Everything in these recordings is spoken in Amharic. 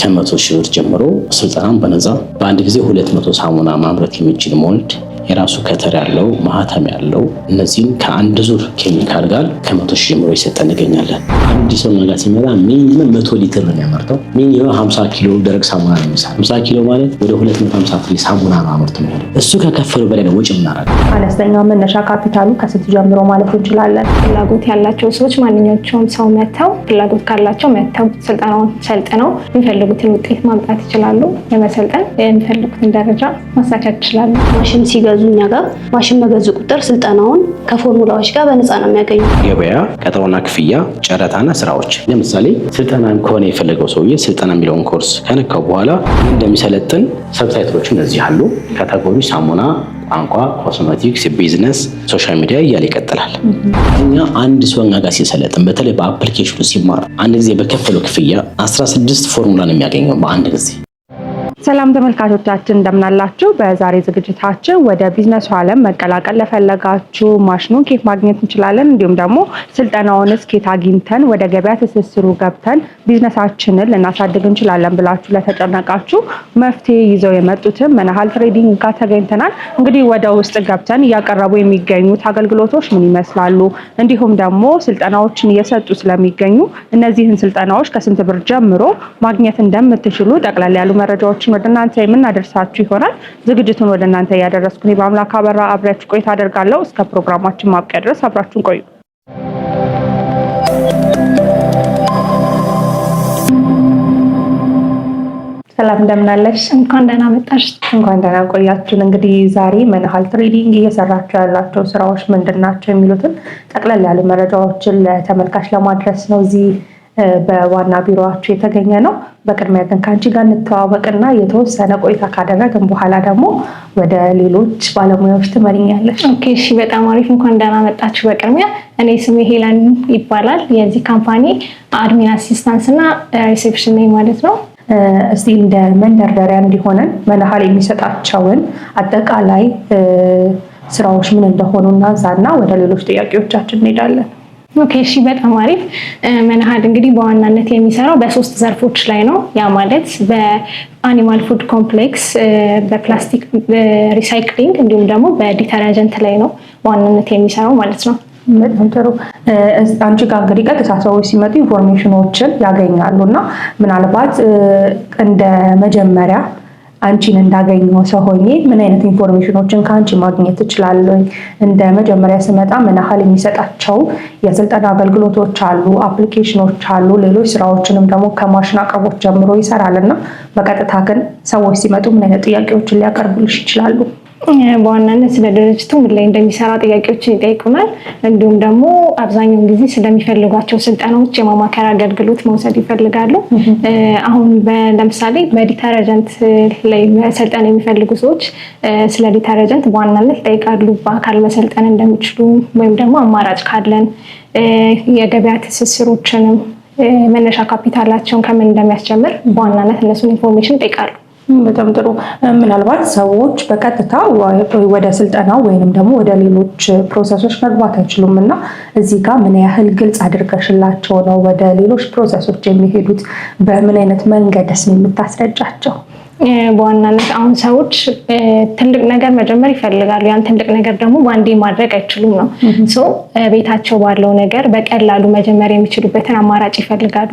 ከመቶ ሺህ ብር ጀምሮ ስልጠናም በነፃ በአንድ ጊዜ ሁለት መቶ ሳሙና ማምረት የሚችል ሞልድ የራሱ ከተር ያለው ማህተም ያለው እነዚህም ከአንድ ዙር ኬሚካል ጋር ከመቶ ሺህ ጀምሮ ይሰጠ እንገኛለን። አንድ ሰው ነጋ ሲመጣ ሚኒመም መቶ ሊትር ነው የሚያመርተው። ሚኒመም ሀምሳ ኪሎ ደረቅ ሳሙና ነው የሚሰራ። 50 ኪሎ ማለት ወደ ሁለት መቶ ሀምሳ ፍሬ ሳሙና ነው አምርት ነው ያለው። እሱ ከከፈሉ በላይ ነው ወጪ የምናደርገው። አነስተኛው መነሻ ካፒታሉ ከስት ጀምሮ ማለት እንችላለን? ፍላጎት ያላቸው ሰዎች ማንኛቸውም ሰው መተው ፍላጎት ካላቸው መተው ስልጠናውን ሰልጥነው የሚፈልጉትን ውጤት ማምጣት ይችላሉ። የመሰልጠን የሚፈልጉትን ደረጃ ማሳካት ይችላሉ። ማሽን ሲገ ሲገዙ እኛ ጋር ማሽን በገዙ ቁጥር ስልጠናውን ከፎርሙላዎች ጋር በነፃ ነው የሚያገኙ። ገበያ ቀጠሮና ክፍያ፣ ጨረታና ስራዎች። ለምሳሌ ስልጠናን ከሆነ የፈለገው ሰውዬ ስልጠና የሚለውን ኮርስ ከነካው በኋላ እንደሚሰለጥን ሰብታይትሎች እነዚህ አሉ። ካታጎሪ ሳሙና፣ ቋንቋ፣ ኮስሞቲክስ፣ ቢዝነስ፣ ሶሻል ሚዲያ እያለ ይቀጥላል። እኛ አንድ ሰው እኛ ጋር ሲሰለጥን በተለይ በአፕሊኬሽኑ ሲማር አንድ ጊዜ በከፈለው ክፍያ 16 ፎርሙላ ነው የሚያገኘው በአንድ ጊዜ። ሰላም ተመልካቾቻችን እንደምናላችሁ። በዛሬ ዝግጅታችን ወደ ቢዝነሱ ዓለም መቀላቀል ለፈለጋችሁ ማሽኑን ኬት ማግኘት እንችላለን፣ እንዲሁም ደግሞ ስልጠናውንስ ኬት አግኝተን ወደ ገበያ ትስስሩ ገብተን ቢዝነሳችንን ልናሳድግ እንችላለን ብላችሁ ለተጨነቃችሁ መፍትሄ ይዘው የመጡትን መናሀል ትሬዲንግ ጋር ተገኝተናል። እንግዲህ ወደ ውስጥ ገብተን እያቀረቡ የሚገኙት አገልግሎቶች ምን ይመስላሉ፣ እንዲሁም ደግሞ ስልጠናዎችን እየሰጡ ስለሚገኙ እነዚህን ስልጠናዎች ከስንት ብር ጀምሮ ማግኘት እንደምትችሉ ጠቅላላ ያሉ መረጃዎች መረጃዎችን ወደ እናንተ የምናደርሳችሁ ይሆናል። ዝግጅቱን ወደ እናንተ እያደረስኩ በአምላክ አበራ አብሬያችሁ ቆይታ አደርጋለሁ። እስከ ፕሮግራማችን ማብቂያ ድረስ አብራችሁን ቆዩ። ሰላም እንደምናለሽ። እንኳን ደህና መጣሽ። እንኳን ደህና ቆያችን። እንግዲህ ዛሬ ምን ያህል ትሬዲንግ እየሰራቸው ያላቸው ስራዎች ምንድን ናቸው የሚሉትን ጠቅለል ያሉ መረጃዎችን ለተመልካች ለማድረስ ነው እዚህ በዋና ቢሮዋቸው የተገኘ ነው። በቅድሚያ ግን ከአንቺ ጋር እንተዋወቅና የተወሰነ ቆይታ ካደረግን በኋላ ደግሞ ወደ ሌሎች ባለሙያዎች ትመሪኛለሽ። ኦኬ፣ እሺ፣ በጣም አሪፍ። እንኳን ደህና መጣችሁ። በቅድሚያ እኔ ስሜ ሄለን ይባላል። የዚህ ካምፓኒ አድሚን አሲስታንስ እና ሪሴፕሽን ነኝ ማለት ነው። እስቲ እንደ መንደርደሪያ እንዲሆነን መናሀል የሚሰጣቸውን አጠቃላይ ስራዎች ምን እንደሆኑ እናዛና ወደ ሌሎች ጥያቄዎቻችን እንሄዳለን። ኦኬ እሺ፣ በጣም አሪፍ መናሃድ እንግዲህ በዋናነት የሚሰራው በሶስት ዘርፎች ላይ ነው። ያ ማለት በአኒማል ፉድ ኮምፕሌክስ፣ በፕላስቲክ ሪሳይክሊንግ እንዲሁም ደግሞ በዲተረጀንት ላይ ነው በዋናነት የሚሰራው ማለት ነው። በጣም ጥሩ። አንቺ ጋር እንግዲህ ቀጥታ ሰዎች ሲመጡ ኢንፎርሜሽኖችን ያገኛሉ እና ምናልባት እንደ መጀመሪያ አንቺን እንዳገኘው ሰው ሆኜ ምን አይነት ኢንፎርሜሽኖችን ከአንቺ ማግኘት እችላለሁ? እንደ መጀመሪያ ስመጣ ምን ያህል የሚሰጣቸው የስልጠና አገልግሎቶች አሉ፣ አፕሊኬሽኖች አሉ፣ ሌሎች ስራዎችንም ደግሞ ከማሽን አቅርቦት ጀምሮ ይሰራል እና በቀጥታ ግን ሰዎች ሲመጡ ምን አይነት ጥያቄዎችን ሊያቀርቡልሽ ይችላሉ? በዋናነት ስለ ድርጅቱ ምን ላይ እንደሚሰራ ጥያቄዎችን ይጠይቁናል። እንዲሁም ደግሞ አብዛኛውን ጊዜ ስለሚፈልጓቸው ስልጠናዎች የማማከር አገልግሎት መውሰድ ይፈልጋሉ። አሁን ለምሳሌ በዲተረጀንት ላይ መሰልጠን የሚፈልጉ ሰዎች ስለ ዲተረጀንት በዋናነት ይጠይቃሉ። በአካል መሰልጠን እንደሚችሉ ወይም ደግሞ አማራጭ ካለን የገበያ ትስስሮችንም መነሻ ካፒታላቸውን ከምን እንደሚያስጀምር በዋናነት እነሱን ኢንፎርሜሽን ይጠይቃሉ። በጣም ጥሩ። ምናልባት ሰዎች በቀጥታ ወደ ስልጠናው ወይንም ደግሞ ወደ ሌሎች ፕሮሰሶች መግባት አይችሉም እና እዚህ ጋር ምን ያህል ግልጽ አድርገሽላቸው ነው ወደ ሌሎች ፕሮሰሶች የሚሄዱት? በምን አይነት መንገድስ ነው የምታስረጫቸው? በዋናነት አሁን ሰዎች ትልቅ ነገር መጀመር ይፈልጋሉ። ያን ትልቅ ነገር ደግሞ በአንዴ ማድረግ አይችሉም ነው ሶ ቤታቸው ባለው ነገር በቀላሉ መጀመር የሚችሉበትን አማራጭ ይፈልጋሉ።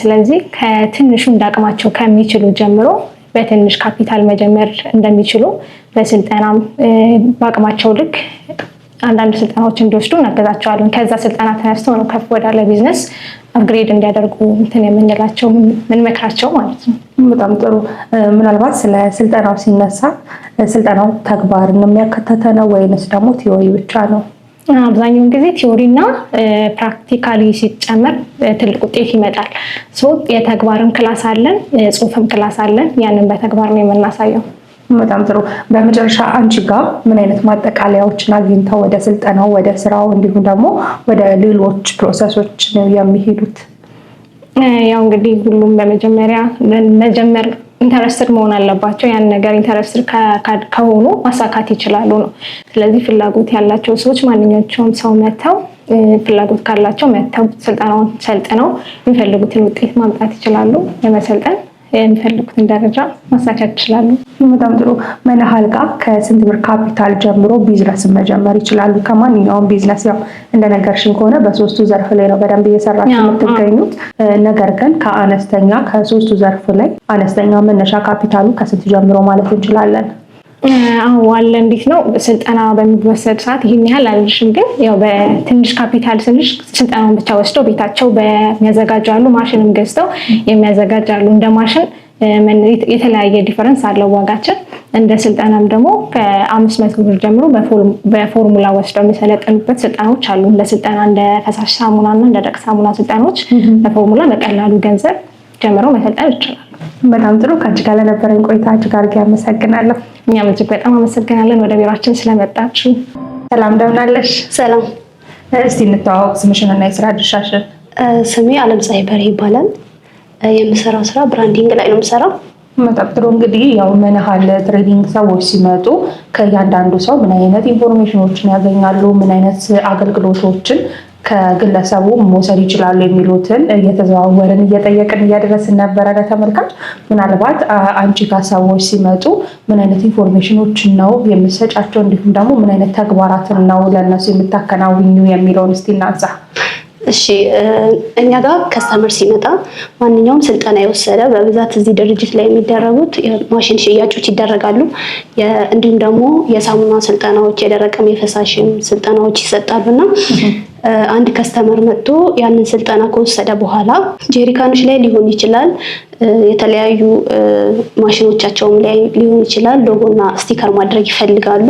ስለዚህ ከትንሹ እንዳቅማቸው ከሚችሉ ጀምሮ በትንሽ ካፒታል መጀመር እንደሚችሉ በስልጠናም በአቅማቸው ልክ አንዳንድ ስልጠናዎች እንዲወስዱ እናገዛቸዋለን። ከዛ ስልጠና ተነስተው ነው ከፍ ወዳለ ቢዝነስ አፕግሬድ እንዲያደርጉ እንትን የምንላቸው ምንመክራቸው ማለት ነው። በጣም ጥሩ። ምናልባት ስለ ስልጠናው ሲነሳ ስልጠናው ተግባርን የሚያከተተ ነው ወይንስ ደግሞ ቲዎሪ ብቻ ነው? አብዛኛውን ጊዜ ቲዮሪና ፕራክቲካሊ ሲጨመር ትልቅ ውጤት ይመጣል። የተግባርም ክላስ አለን፣ ጽሁፍም ክላስ አለን። ያንን በተግባር ነው የምናሳየው። በጣም ጥሩ። በመጨረሻ አንቺ ጋር ምን አይነት ማጠቃለያዎችን አግኝተው ወደ ስልጠናው፣ ወደ ስራው እንዲሁም ደግሞ ወደ ሌሎች ፕሮሰሶች ነው የሚሄዱት? ያው እንግዲህ ሁሉም በመጀመሪያ መጀመር ኢንተረስትድ መሆን አለባቸው። ያን ነገር ኢንተረስትድ ከሆኑ ማሳካት ይችላሉ ነው። ስለዚህ ፍላጎት ያላቸው ሰዎች ማንኛቸውም ሰው መተው ፍላጎት ካላቸው መተው ስልጠናውን ሰልጥነው የሚፈልጉትን ውጤት ማምጣት ይችላሉ። የመሰልጠን የሚፈልጉትን ደረጃ ማሳካት ይችላሉ። በጣም ጥሩ መነሃል ጋር ከስንት ብር ካፒታል ጀምሮ ቢዝነስን መጀመር ይችላሉ? ከማንኛውም ቢዝነስ ያው እንደነገርሽን ከሆነ በሶስቱ ዘርፍ ላይ ነው በደንብ እየሰራች የምትገኙት። ነገር ግን ከአነስተኛ ከሶስቱ ዘርፍ ላይ አነስተኛ መነሻ ካፒታሉ ከስንት ጀምሮ ማለት እንችላለን? አዎ አለ። እንዴት ነው ስልጠና በሚወሰድ ሰዓት ይህን ያህል አልልሽም፣ ግን ያው በትንሽ ካፒታል ስልሽ ስልጠናውን ብቻ ወስደው ቤታቸው በሚያዘጋጃሉ አሉ፣ ማሽንም ገዝተው የሚያዘጋጅ አሉ። እንደ ማሽን የተለያየ ዲፈረንስ አለው ዋጋችን። እንደ ስልጠናም ደግሞ ከአምስት መቶ ብር ጀምሮ በፎርሙላ ወስደው የሚሰለጠኑበት ስልጠናዎች አሉ። እንደ ስልጠና እንደ ፈሳሽ ሳሙና እና እንደ ደቅ ሳሙና ስልጠናዎች በፎርሙላ በቀላሉ ገንዘብ ጀምረው መሰልጠን ይችላል። በጣም ጥሩ። ከአንቺ ጋር ለነበረን ቆይታ እጅግ አድርጌ አመሰግናለሁ። እኛም እጅግ በጣም አመሰግናለን ወደ ቢሯችን ስለመጣችሁ። ሰላም እንደምናለሽ? ሰላም። እስቲ እንተዋወቅ፣ እና የስራ ድርሻሽን። ስሜ አለም በርሄ ይባላል። የምሰራው ስራ ብራንዲንግ ላይ ነው የምሰራው። በጣም ጥሩ። እንግዲህ ያው መንሃል ትሬዲንግ ሰዎች ሲመጡ ከእያንዳንዱ ሰው ምን አይነት ኢንፎርሜሽኖችን ያገኛሉ? ምን አይነት አገልግሎቶችን ከግለሰቡ መውሰድ ይችላሉ የሚሉትን እየተዘዋወርን እየጠየቅን እያደረስን ነበረ ለተመልካች። ምናልባት አንቺ ጋር ሰዎች ሲመጡ ምን አይነት ኢንፎርሜሽኖችን ነው የምሰጫቸው፣ እንዲሁም ደግሞ ምን አይነት ተግባራትን ነው ለእነሱ የምታከናውኙ የሚለውን እስቲ እናንሳ። እሺ እኛ ጋር ከስተመር ሲመጣ ማንኛውም ስልጠና የወሰደ በብዛት እዚህ ድርጅት ላይ የሚደረጉት ማሽን ሽያጮች ይደረጋሉ። እንዲሁም ደግሞ የሳሙና ስልጠናዎች፣ የደረቀ የፈሳሽም ስልጠናዎች ይሰጣሉ እና አንድ ከስተመር መጥቶ ያንን ስልጠና ከወሰደ በኋላ ጄሪካኖች ላይ ሊሆን ይችላል፣ የተለያዩ ማሽኖቻቸውም ላይ ሊሆን ይችላል። ሎጎና ስቲከር ማድረግ ይፈልጋሉ፣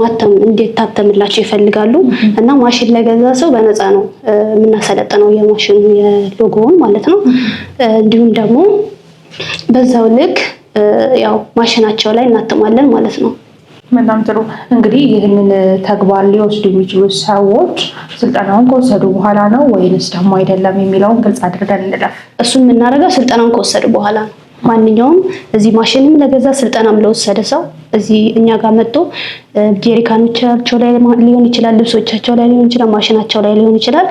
ማተም እንዲታተምላቸው ይፈልጋሉ። እና ማሽን ለገዛ ሰው በነፃ ነው የምናሰለጥነው የማሽኑ የሎጎውን ማለት ነው። እንዲሁም ደግሞ በዛው ልክ ያው ማሽናቸው ላይ እናትማለን ማለት ነው። በጣም ጥሩ እንግዲህ ይህንን ተግባር ሊወስዱ የሚችሉ ሰዎች ስልጠናውን ከወሰዱ በኋላ ነው ወይንስ ደግሞ አይደለም የሚለውን ግልጽ አድርገን እንለፍ። እሱ የምናደርገው ስልጠናውን ከወሰዱ በኋላ ነው። ማንኛውም እዚህ ማሽንም ለገዛ ስልጠናም ለወሰደ ሰው እዚህ እኛ ጋር መጥቶ ጀሪካኖቻቸው ላይ ሊሆን ይችላል፣ ልብሶቻቸው ላይ ሊሆን ይችላል፣ ማሽናቸው ላይ ሊሆን ይችላል፣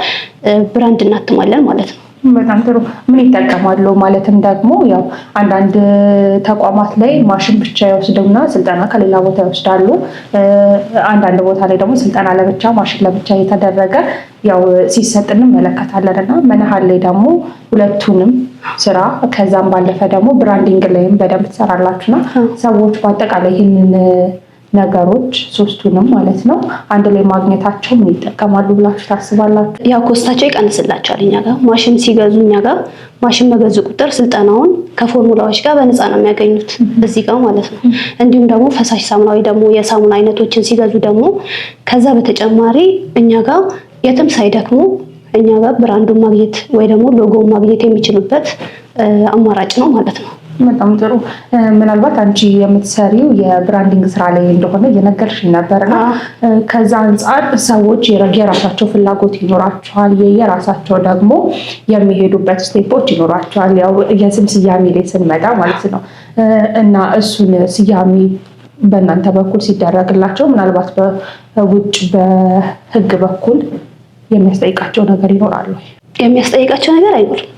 ብራንድ እናትማለን ማለት ነው። በጣም ጥሩ። ምን ይጠቀማሉ? ማለትም ደግሞ ያው አንዳንድ ተቋማት ላይ ማሽን ብቻ ይወስድና ስልጠና ከሌላ ቦታ ይወስዳሉ። አንዳንድ ቦታ ላይ ደግሞ ስልጠና ለብቻ ማሽን ለብቻ እየተደረገ ያው ሲሰጥ እንመለከታለን እና መናሀል ላይ ደግሞ ሁለቱንም ስራ ከዛም ባለፈ ደግሞ ብራንዲንግ ላይም በደንብ ትሰራላችሁና ሰዎች በአጠቃላይ ይህንን ነገሮች ሶስቱንም ማለት ነው አንድ ላይ ማግኘታቸው ይጠቀማሉ ብላችሁ ታስባላችሁ? ያው ኮስታቸው ይቀንስላቸዋል። እኛ ጋር ማሽን ሲገዙ እኛ ጋር ማሽን በገዙ ቁጥር ስልጠናውን ከፎርሙላዎች ጋር በነፃ ነው የሚያገኙት እዚህ ጋር ማለት ነው። እንዲሁም ደግሞ ፈሳሽ ሳሙናዊ ደግሞ የሳሙና አይነቶችን ሲገዙ ደግሞ ከዛ በተጨማሪ እኛ ጋር የትም ሳይደክሙ እኛ ጋር ብራንዱን ማግኘት ወይ ደግሞ ሎጎውን ማግኘት የሚችሉበት አማራጭ ነው ማለት ነው። በጣም ጥሩ። ምናልባት አንቺ የምትሰሪው የብራንዲንግ ስራ ላይ እንደሆነ እየነገርሽኝ ነበር እና ከዛ አንጻር ሰዎች የራሳቸው ፍላጎት ይኖራቸዋል፣ የየራሳቸው ደግሞ የሚሄዱበት ስቴፖች ይኖራቸዋል። ያው የስም ስያሜ ላይ ስንመጣ ማለት ነው እና እሱን ስያሜ በእናንተ በኩል ሲደረግላቸው ምናልባት በውጭ በህግ በኩል የሚያስጠይቃቸው ነገር ይኖራሉ? የሚያስጠይቃቸው ነገር አይኖርም።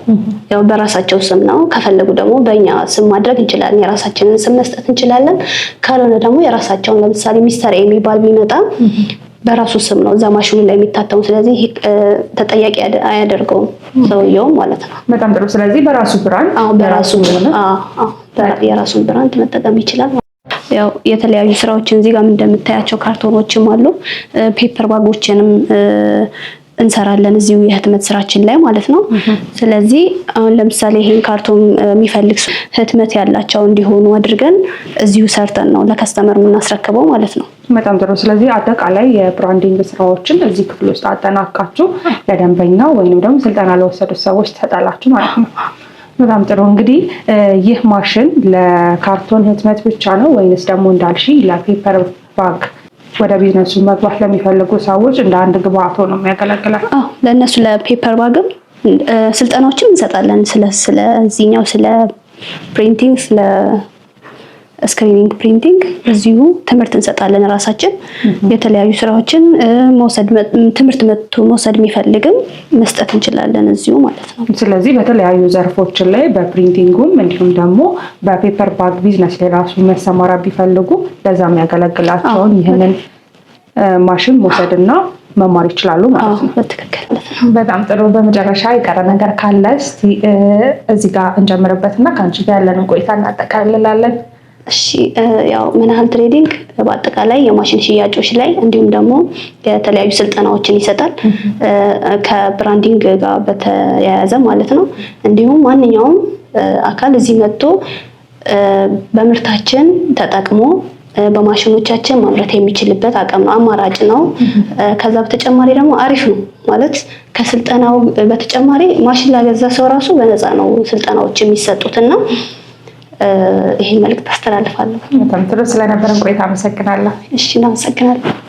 ያው በራሳቸው ስም ነው። ከፈለጉ ደግሞ በእኛ ስም ማድረግ እንችላለን። የራሳችንን ስም መስጠት እንችላለን። ካልሆነ ደግሞ የራሳቸውን ለምሳሌ ሚስተር የሚባል ቢመጣ በራሱ ስም ነው እዛ ማሽኑ ላይ የሚታተሙ። ስለዚህ ተጠያቂ አያደርገውም ሰውየውም ማለት ነው። በጣም ጥሩ። ስለዚህ በራሱ ብራንድ የራሱን ብራንድ መጠቀም ይችላል። ያው የተለያዩ ስራዎችን እዚህ ጋር እንደምታያቸው ካርቶኖችም አሉ ፔፐር ባጎችንም እንሰራለን እዚሁ የህትመት ስራችን ላይ ማለት ነው። ስለዚህ አሁን ለምሳሌ ይሄን ካርቶን የሚፈልግ ህትመት ያላቸው እንዲሆኑ አድርገን እዚሁ ሰርተን ነው ለከስተመር የምናስረክበው ማለት ነው። በጣም ጥሩ። ስለዚህ አጠቃላይ የብራንዲንግ ስራዎችን እዚህ ክፍል ውስጥ አጠናቃችሁ ለደንበኛው ወይም ደግሞ ስልጠና ለወሰዱት ሰዎች ትሰጣላችሁ ማለት ነው። በጣም ጥሩ እንግዲህ ይህ ማሽን ለካርቶን ህትመት ብቻ ነው ወይንስ ደግሞ እንዳልሽ ለፔፐር ባግ ወደ ቢዝነሱ መግባት ለሚፈልጉ ሰዎች እንደ አንድ ግብአት ነው የሚያገለግላል። ለእነሱ ለፔፐር ባግም ስልጠናዎችን እንሰጣለን። ስለዚህኛው ስለ ፕሪንቲንግ፣ ስለ ስክሪኒንግ ፕሪንቲንግ እዚሁ ትምህርት እንሰጣለን። ራሳችን የተለያዩ ስራዎችን ትምህርት መጥቶ መውሰድ የሚፈልግም መስጠት እንችላለን እዚሁ ማለት ነው። ስለዚህ በተለያዩ ዘርፎችን ላይ በፕሪንቲንጉም እንዲሁም ደግሞ በፔፐር ባግ ቢዝነስ ላይ ራሱ መሰማራ ቢፈልጉ ለዛ የሚያገለግላቸውን ይህንን ማሽን መውሰድና መማር ይችላሉ ማለት ነው። በጣም ጥሩ። በመጨረሻ የቀረ ነገር ካለ እስቲ እዚህ ጋር እንጀምርበትና ከአንቺ ጋር ያለንን ቆይታ እናጠቃልላለን። እሺ ያው ምን ያህል ትሬዲንግ በአጠቃላይ የማሽን ሽያጮች ላይ እንዲሁም ደግሞ የተለያዩ ስልጠናዎችን ይሰጣል ከብራንዲንግ ጋር በተያያዘ ማለት ነው። እንዲሁም ማንኛውም አካል እዚህ መጥቶ በምርታችን ተጠቅሞ በማሽኖቻችን ማምረት የሚችልበት አቅም ነው፣ አማራጭ ነው። ከዛ በተጨማሪ ደግሞ አሪፍ ነው ማለት ከስልጠናው በተጨማሪ ማሽን ላገዛ ሰው ራሱ በነፃ ነው ስልጠናዎች የሚሰጡትና ይህን መልዕክት አስተላልፋለሁ። በጣም ጥሩ ስለነበረን ቆይታ አመሰግናለሁ። እሺ፣ አመሰግናለሁ።